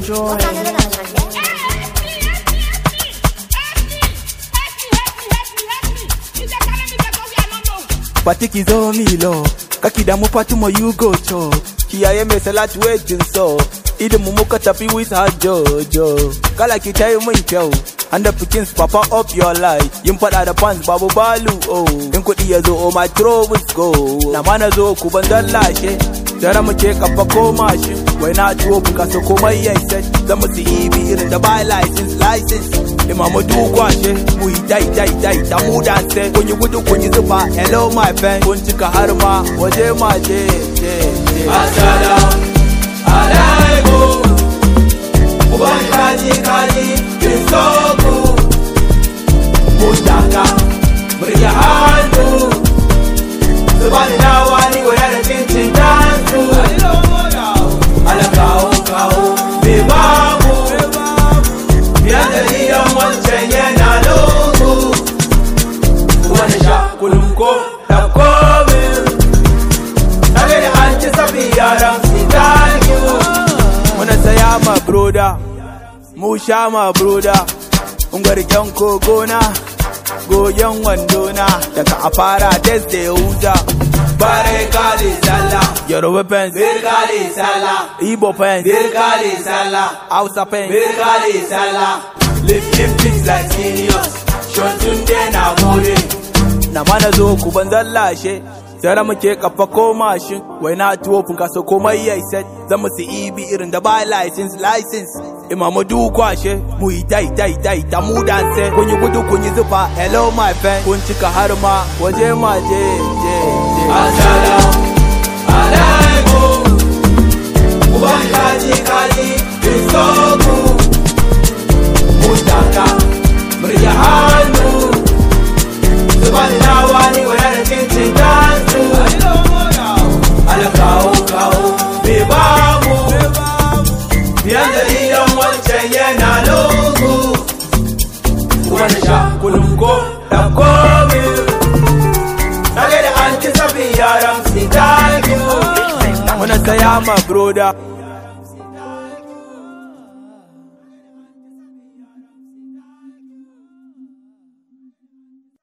enjoy. patikizo milo kakidamu patumo yugocho kiyayemesela tuwejinso ilimumuka tapi with her jojo kala kitai mun kyau and the pickings papa up your life yin fada da fans babu balu oh in kuɗi ya zo my throw go na mana zo ku ban lashe jara mu ce kafa ko mashin when I ciwo I so komai ya isa zama su ibi irin da ba license license imama duk kwashe mu yi dai dai dai da mu da sai kun yi gudu do yi zuba hello my friend kun cika har my day ma je je je Musha my brother, Musha my brother, ungarken kogona, goyon wandona, daga a fara teste huta. Barka da sallah, Yoruba fans, barka da sala, Ibo fans, barka da sallah, Hausa fans, barka da sallah. Lift lift things like seniors, shantun na gore. Na mana zo ku ban Tara muke kafa ko mashin, wai na tuwo so. komai ya isa, zamu si ibi irin da ba license license. Imamu du kwashe, mu yi dai dai dai da mu danse. Kun yi gudu kun yi zufa, hello my friend, kun cika har ma, waje ma je je je. I am a brother.